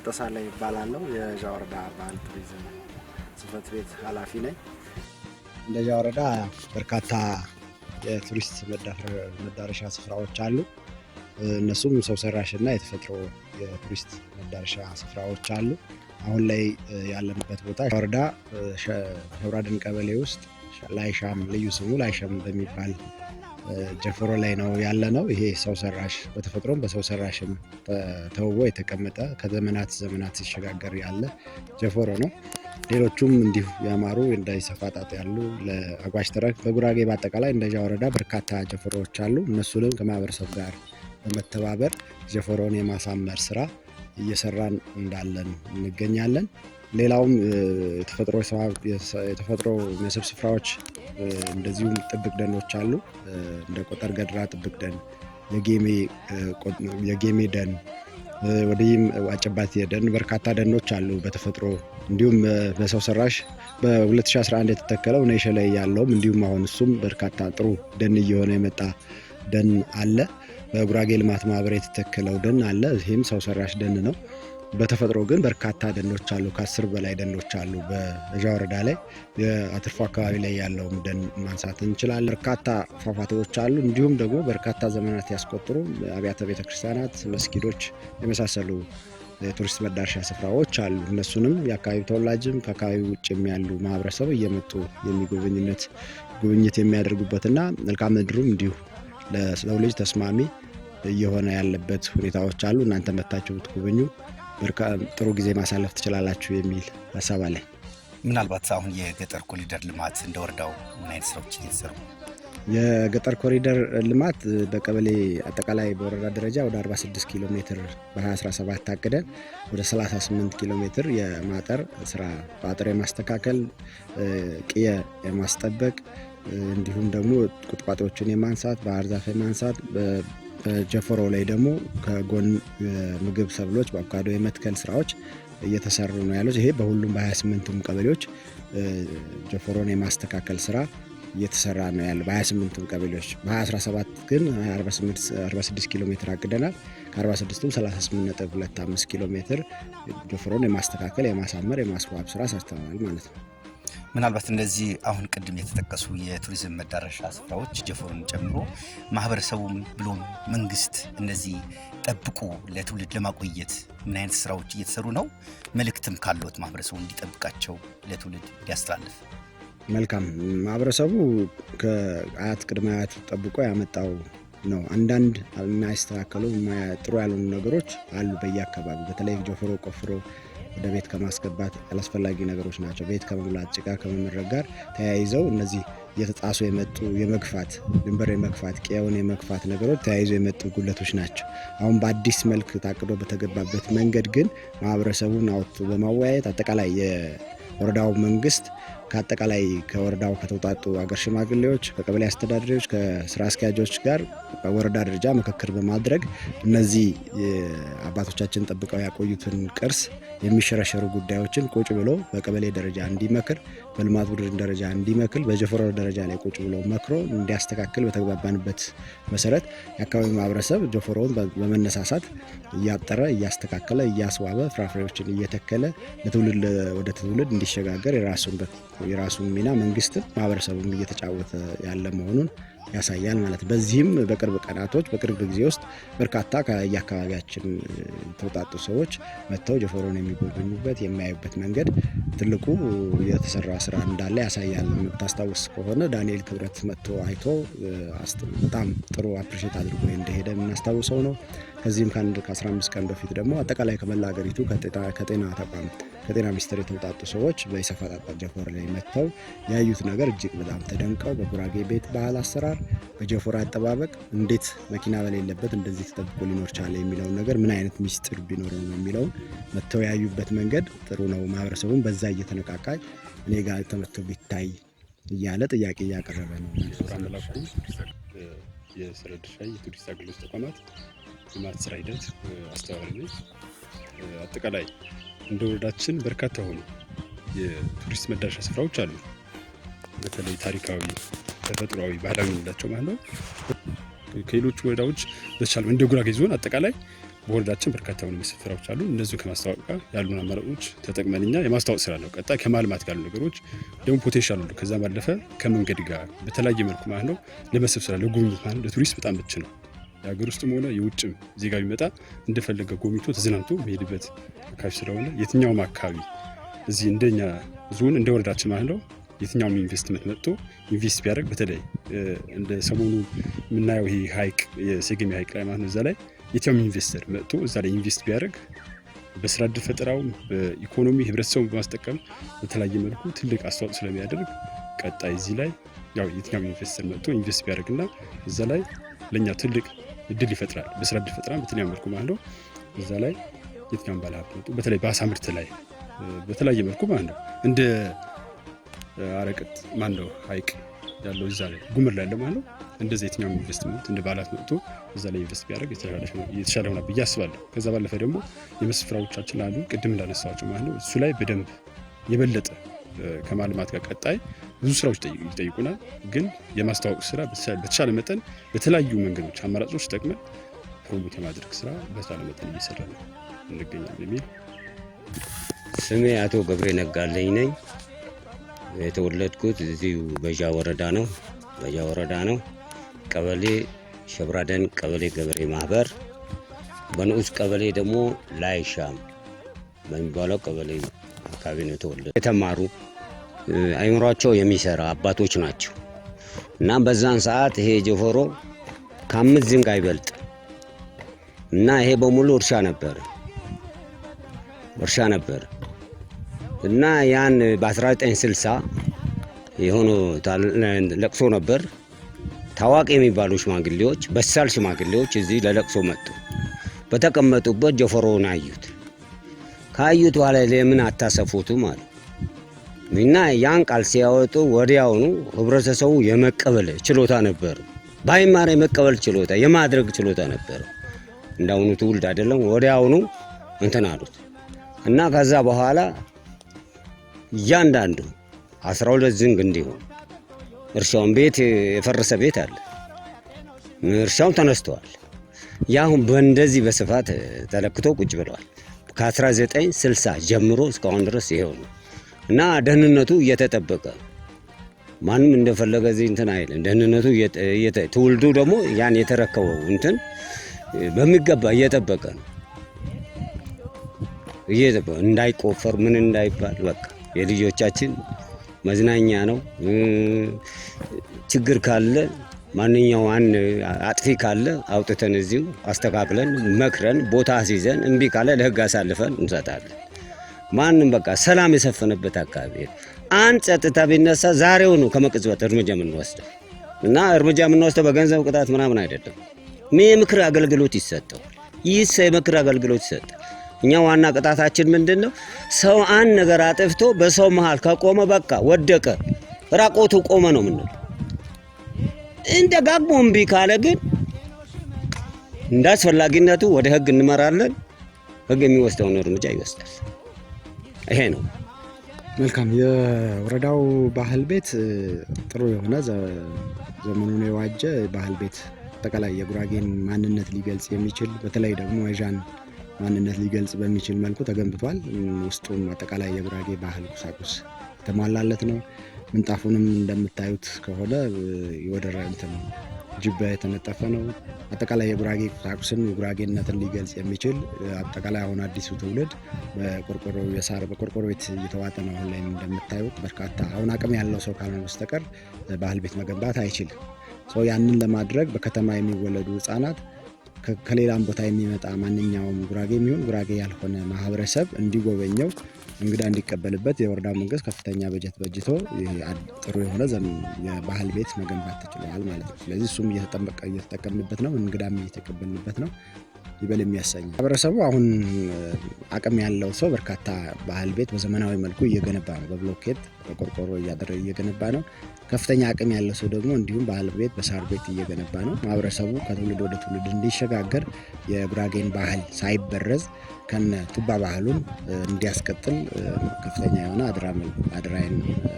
በለጠ ሳላ ይባላለሁ። የዣ ወረዳ ባህል ቱሪዝም ጽሕፈት ቤት ኃላፊ ነኝ። እንደ ዣ ወረዳ በርካታ የቱሪስት መዳረሻ ስፍራዎች አሉ። እነሱም ሰው ሰራሽና የተፈጥሮ የቱሪስት መዳረሻ ስፍራዎች አሉ። አሁን ላይ ያለንበት ቦታ ወረዳ ሸብራድን ቀበሌ ውስጥ ላይሻም ልዩ ስሙ ላይሻም በሚባል ጀፈሮ ላይ ነው ያለ ነው። ይሄ ሰው ሰራሽ በተፈጥሮም በሰው ሰራሽም ተውቦ የተቀመጠ ከዘመናት ዘመናት ሲሸጋገር ያለ ጀፈሮ ነው። ሌሎቹም እንዲሁ ያማሩ እንደ ሰፋጣጥ ያሉ ለአጓሽ ተረክ በጉራጌ በአጠቃላይ እንደዛ ወረዳ በርካታ ጀፈሮዎች አሉ። እነሱንም ከማህበረሰብ ጋር በመተባበር ጀፈሮን የማሳመር ስራ እየሰራን እንዳለን እንገኛለን። ሌላውም የተፈጥሮ የተፈጥሮ መስህብ ስፍራዎች እንደዚሁም ጥብቅ ደኖች አሉ። እንደ ቆጠር ገድራ ጥብቅ ደን፣ የጌሜ ደን፣ ወዲህም አጨባት ደን በርካታ ደኖች አሉ በተፈጥሮ እንዲሁም በሰው ሰራሽ በ2011 የተተከለው ነይሸ ላይ ያለውም እንዲሁም አሁን እሱም በርካታ ጥሩ ደን እየሆነ የመጣ ደን አለ። በጉራጌ ልማት ማህበር የተተከለው ደን አለ። ይህም ሰው ሰራሽ ደን ነው። በተፈጥሮ ግን በርካታ ደኖች አሉ። ከአስር በላይ ደኖች አሉ በእዣ ወረዳ ላይ የአትርፎ አካባቢ ላይ ያለውም ደን ማንሳት እንችላለን። በርካታ ፏፏቴዎች አሉ። እንዲሁም ደግሞ በርካታ ዘመናት ያስቆጠሩ አብያተ ቤተ ክርስቲያናት፣ መስጊዶች የመሳሰሉ የቱሪስት መዳረሻ ስፍራዎች አሉ። እነሱንም የአካባቢ ተወላጅም ከአካባቢ ውጭም ያሉ ማህበረሰብ እየመጡ የሚጎበኝነት ጉብኝት የሚያደርጉበትና መልካም ምድሩም እንዲሁ ለሰው ልጅ ተስማሚ እየሆነ ያለበት ሁኔታዎች አሉ። እናንተ መታችሁ ብትጎበኙ ጥሩ ጊዜ ማሳለፍ ትችላላችሁ የሚል ሀሳብ አለ ምናልባት አሁን የገጠር ኮሪደር ልማት እንደ ወረዳው ምን አይነት ስራዎች እየተሰሩ የገጠር ኮሪደር ልማት በቀበሌ አጠቃላይ በወረዳ ደረጃ ወደ 46 ኪሎ ሜትር በ2017 ታቅደን ወደ 38 ኪሎ ሜትር የማጠር ስራ በአጥር የማስተካከል ቅየ የማስጠበቅ እንዲሁም ደግሞ ቁጥቋጦዎችን የማንሳት ባህር ዛፍ የማንሳት ጀፎሮ ላይ ደግሞ ከጎን ምግብ ሰብሎች በአቮካዶ የመትከል ስራዎች እየተሰሩ ነው ያሉት። ይሄ በሁሉም በ28ቱም ቀበሌዎች ጀፈሮን የማስተካከል ስራ እየተሰራ ነው ያለ በ28ቱም ቀበሌዎች። በ17 ግን 46 ኪሎ ሜትር አቅደናል። ከ46ቱም 38.25 ኪሎ ሜትር ጀፈሮን የማስተካከል የማሳመር የማስዋብ ስራ ሰርተናል ማለት ነው። ምናልባት እነዚህ አሁን ቅድም የተጠቀሱ የቱሪዝም መዳረሻ ስፍራዎች ጀፎርን ጨምሮ ማህበረሰቡም ብሎም መንግስት እነዚህ ጠብቁ ለትውልድ ለማቆየት ምን አይነት ስራዎች እየተሰሩ ነው? መልእክትም ካለት ማህበረሰቡ እንዲጠብቃቸው ለትውልድ እንዲያስተላልፍ። መልካም ማህበረሰቡ ከአያት ቅድመ አያቱ ጠብቆ ያመጣው ነው። አንዳንድ የማያስተካከሉ ጥሩ ያልሆኑ ነገሮች አሉ በየአካባቢ በተለይ ጀፎሮ ቆፍሮ ወደ ቤት ከማስገባት አላስፈላጊ ነገሮች ናቸው። ቤት ከመሙላት ጭቃ ከመመረግ ጋር ተያይዘው እነዚህ እየተጣሱ የመጡ የመግፋት ድንበር የመግፋት ቀየውን የመግፋት ነገሮች ተያይዘው የመጡ ጉለቶች ናቸው። አሁን በአዲስ መልክ ታቅዶ በተገባበት መንገድ ግን ማህበረሰቡን አውጥቶ በማወያየት አጠቃላይ የወረዳው መንግስት ከአጠቃላይ ከወረዳው ከተውጣጡ አገር ሽማግሌዎች፣ ከቀበሌ አስተዳደሪዎች ከስራ አስኪያጆች ጋር በወረዳ ደረጃ ምክክር በማድረግ እነዚህ አባቶቻችን ጠብቀው ያቆዩትን ቅርስ የሚሸረሸሩ ጉዳዮችን ቁጭ ብሎ በቀበሌ ደረጃ እንዲመክር በልማት ቡድን ደረጃ እንዲመክል በጀፈሮ ደረጃ ላይ ቁጭ ብሎ መክሮ እንዲያስተካክል በተግባባንበት መሰረት የአካባቢ ማህበረሰብ ጀፈሮውን በመነሳሳት እያጠረ እያስተካከለ እያስዋበ ፍራፍሬዎችን እየተከለ ለትውልድ ወደ ትውልድ እንዲሸጋገር የራሱን ሚና መንግስትም ማህበረሰቡም እየተጫወተ ያለ መሆኑን ያሳያል ማለት በዚህም በቅርብ ቀናቶች በቅርብ ጊዜ ውስጥ በርካታ ከየአካባቢያችን የተውጣጡ ሰዎች መጥተው ጀፎሮን የሚጎበኙበት የሚያዩበት መንገድ ትልቁ የተሰራ ስራ እንዳለ ያሳያል። ታስታውስ ከሆነ ዳንኤል ክብረት መጥቶ አይቶ በጣም ጥሩ አፕሪሼት አድርጎ እንደሄደ የምናስታውሰው ነው። ከዚህም ከአንድ ከ15 ቀን በፊት ደግሞ አጠቃላይ ከመላ ሀገሪቱ ከጤና ተቋም ከጤና ሚኒስቴር የተውጣጡ ሰዎች በኢሰፓ ጀፎራ ላይ መጥተው ያዩት ነገር እጅግ በጣም ተደንቀው በጉራጌ ቤት ባህል አሰራር፣ በጀፎራ አጠባበቅ እንዴት መኪና በሌለበት እንደዚህ ተጠብቆ ሊኖር ቻለ የሚለውን ነገር ምን አይነት ሚስጥር ቢኖረው ነው የሚለውን መጥተው ያዩበት መንገድ ጥሩ ነው። ማህበረሰቡን በዛ እየተነቃቃ እኔ ጋር ተመቶ ቢታይ እያለ ጥያቄ እያቀረበ ነው። የስራ ድርሻ የቱሪስት አገልግሎት ተቋማት ልማት ስራ ሂደት አስተባባሪ ነች። አጠቃላይ እንደ ወረዳችን በርካታ የሆኑ የቱሪስት መዳረሻ ስፍራዎች አሉ። በተለይ ታሪካዊ፣ ተፈጥሯዊ፣ ባህላዊ የምንላቸው ማለት ነው። ከሌሎች ወረዳዎች በተቻለ እንደ ጉራጌ ዞን አጠቃላይ በወረዳችን በርካታ የሆኑ መስህብ ስራዎች አሉ። እነዚሁ ከማስታወቅ ጋር ያሉን አማራጮች ተጠቅመን እኛ የማስታወቅ ስራ ነው። ቀጣይ ከማልማት ጋር ነገሮች ደግሞ ፖቴንሻል አሉ። ከዛ ባለፈ ከመንገድ ጋር በተለያየ መልኩ ማለት ነው ለመስብ ስራ ለጉብኝት ማለት ለቱሪስት በጣም ብች ነው። የሀገር ውስጥም ሆነ የውጭ ዜጋ ቢመጣ እንደፈለገ ጎብኝቶ ተዝናንቶ መሄድበት አካባቢ ስለሆነ የትኛውም አካባቢ እዚህ እንደኛ ዞን እንደ ወረዳችን ማለት ነው የትኛውም ኢንቨስትመንት መጥቶ ኢንቨስት ቢያደርግ በተለይ እንደ ሰሞኑ የምናየው ይሄ ሀይቅ የሴገሚ ሀይቅ ላይ ማለት ነው እዛ ላይ የትኛውም ኢንቨስተር መጥቶ እዛ ላይ ኢንቨስት ቢያደርግ በስራ እድል ፈጠራው በኢኮኖሚ ህብረተሰቡ በማስጠቀም በተለያየ መልኩ ትልቅ አስተዋጽኦ ስለሚያደርግ ቀጣይ እዚህ ላይ ያው የትኛውም ኢንቨስተር መጥቶ ኢንቨስት ቢያደርግና እዛ ላይ ለእኛ ትልቅ እድል ይፈጥራል። በስራ እድል ይፈጥራል። በተለይ መልኩ ማለት ነው። እዛ ላይ የትኛውም ባለሀብት በተለይ በአሳ ምርት ላይ በተለያየ መልኩ ማለት ነው እንደ አረቅት ማን ነው ሀይቅ ያለው እዛ ላይ ጉምር ላይ ያለው ማለት ነው። እንደዚህ የትኛውም ኢንቨስትመንት እንደ ባላት መጥቶ እዛ ላይ ኢንቨስት ቢያደርግ የተሻለ ሆና ብዬ አስባለሁ። ከዛ ባለፈ ደግሞ የመስፍራዎቻችን ላሉ ቅድም እንዳነሳቸው ማለት ነው እሱ ላይ በደንብ የበለጠ ከማልማት ጋር ቀጣይ ብዙ ስራዎች ይጠይቁናል። ግን የማስተዋወቅ ስራ በተቻለ መጠን በተለያዩ መንገዶች አማራጮች ጠቅመን ፕሮሞት የማድረግ ስራ በተቻለ መጠን እየሰራ ነው እንገኛለን የሚል ስሜ አቶ ገብሬ ነጋለኝ ነኝ። የተወለድኩት እዚሁ በዣ ወረዳ ነው። በዣ ወረዳ ነው ቀበሌ ሸብራደን ቀበሌ ገበሬ ማህበር በንዑስ ቀበሌ ደግሞ ላይሻም በሚባለው ቀበሌ አካባቢ ነው የተወለዱ የተማሩ አይምሯቸው የሚሰራ አባቶች ናቸው። እና በዛን ሰዓት ይሄ ጀፎሮ ከአምስት ዝንግ አይበልጥ እና ይሄ በሙሉ እርሻ ነበር እርሻ ነበር እና ያን በ1960 የሆኑ ለቅሶ ነበር። ታዋቂ የሚባሉ ሽማግሌዎች፣ በሳል ሽማግሌዎች እዚህ ለለቅሶ መጡ። በተቀመጡበት ጀፎሮውን አዩት። ካዩት በኋላ ለምን አታሰፉትም አሉ። እና ያን ቃል ሲያወጡ ወዲያውኑ ህብረተሰቡ የመቀበል ችሎታ ነበር። ባይማር የመቀበል ችሎታ የማድረግ ችሎታ ነበር። እንዳሁኑ ትውልድ አይደለም። ወዲያውኑ እንትን አሉት እና ከዛ በኋላ እያንዳንዱ አስራ ሁለት ዝንግ እንዲሆን እርሻውን ቤት የፈረሰ ቤት አለ እርሻው ተነስተዋል። ያሁን በእንደዚህ በስፋት ተለክቶ ቁጭ ብለዋል። ከ1960 ጀምሮ እስካሁን ድረስ ይሄው ነው። እና ደህንነቱ እየተጠበቀ ማንም እንደፈለገ እዚህ እንትን አይልም። ደህንነቱ ትውልዱ ደግሞ ያን የተረከበው እንትን በሚገባ እየጠበቀ ነው እየጠበቀ እንዳይቆፈር ምን እንዳይባል በቃ የልጆቻችን መዝናኛ ነው። ችግር ካለ ማንኛው አጥፊ ካለ አውጥተን እዚሁ አስተካክለን መክረን ቦታ አስይዘን እምቢ ካለ ለህግ አሳልፈን እንሰጣለን። ማንም በቃ ሰላም የሰፈነበት አካባቢ አንድ ጸጥታ ቢነሳ ዛሬው ነው ከመቅጽበት እርምጃ የምንወስደው እና እርምጃ የምንወስደው በገንዘብ ቅጣት ምናምን አይደለም። የምክር አገልግሎት ይሰጠዋል። ይህ የምክር አገልግሎት ይሰጣል። እኛ ዋና ቅጣታችን ምንድን ነው? ሰው አንድ ነገር አጥፍቶ በሰው መሃል ከቆመ በቃ ወደቀ፣ ራቆቱ ቆመ ነው የምንለው። እንደ ጋግሞ እምቢ ካለ ግን እንደ አስፈላጊነቱ ወደ ህግ እንመራለን። ህግ የሚወስደውን እርምጃ ይወስዳል። ይሄ ነው። መልካም የወረዳው ባህል ቤት ጥሩ የሆነ ዘመኑን የዋጀ ባህል ቤት አጠቃላይ የጉራጌን ማንነት ሊገልጽ የሚችል በተለይ ደግሞ ዣን ማንነት ሊገልጽ በሚችል መልኩ ተገንብቷል። ውስጡም አጠቃላይ የጉራጌ ባህል ቁሳቁስ የተሟላለት ነው። ምንጣፉንም እንደምታዩት ከሆነ ወደረ እንትን ጅባ የተነጠፈ ነው። አጠቃላይ የጉራጌ ቁሳቁስን ጉራጌነትን ሊገልጽ የሚችል አጠቃላይ አሁን አዲሱ ትውልድ በቆርቆሮ የሳር በቆርቆሮ ቤት እየተዋጠ ነው። አሁን ላይ እንደምታዩት በርካታ አሁን አቅም ያለው ሰው ካልሆነ በስተቀር ባህል ቤት መገንባት አይችልም። ያንን ለማድረግ በከተማ የሚወለዱ ህጻናት ከሌላም ቦታ የሚመጣ ማንኛውም ጉራጌ የሚሆን ጉራጌ ያልሆነ ማህበረሰብ እንዲጎበኘው እንግዳ እንዲቀበልበት የወረዳ መንግስት ከፍተኛ በጀት በጅቶ ጥሩ የሆነ የባህል ቤት መገንባት ተችሏል ማለት ነው። ስለዚህ እሱም እየተጠቀምንበት ነው፣ እንግዳም እየተቀበልንበት ነው። ይበል የሚያሰኝ ማህበረሰቡ አሁን አቅም ያለው ሰው በርካታ ባህል ቤት በዘመናዊ መልኩ እየገነባ ነው። በብሎኬት በቆርቆሮ እያደረገ እየገነባ ነው። ከፍተኛ አቅም ያለው ሰው ደግሞ እንዲሁም ባህል ቤት በሳር ቤት እየገነባ ነው። ማህበረሰቡ ከትውልድ ወደ ትውልድ እንዲሸጋገር የጉራጌን ባህል ሳይበረዝ ከነ ቱባ ባህሉን እንዲያስቀጥል ከፍተኛ የሆነ አድራይን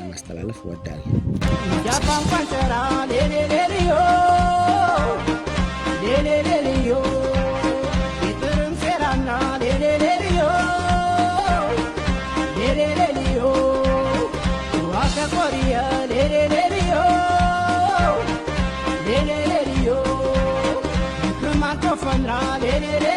ለማስተላለፍ ወዳል። ያባንኳንሰራ ሌሌሌ Chandra, re re re.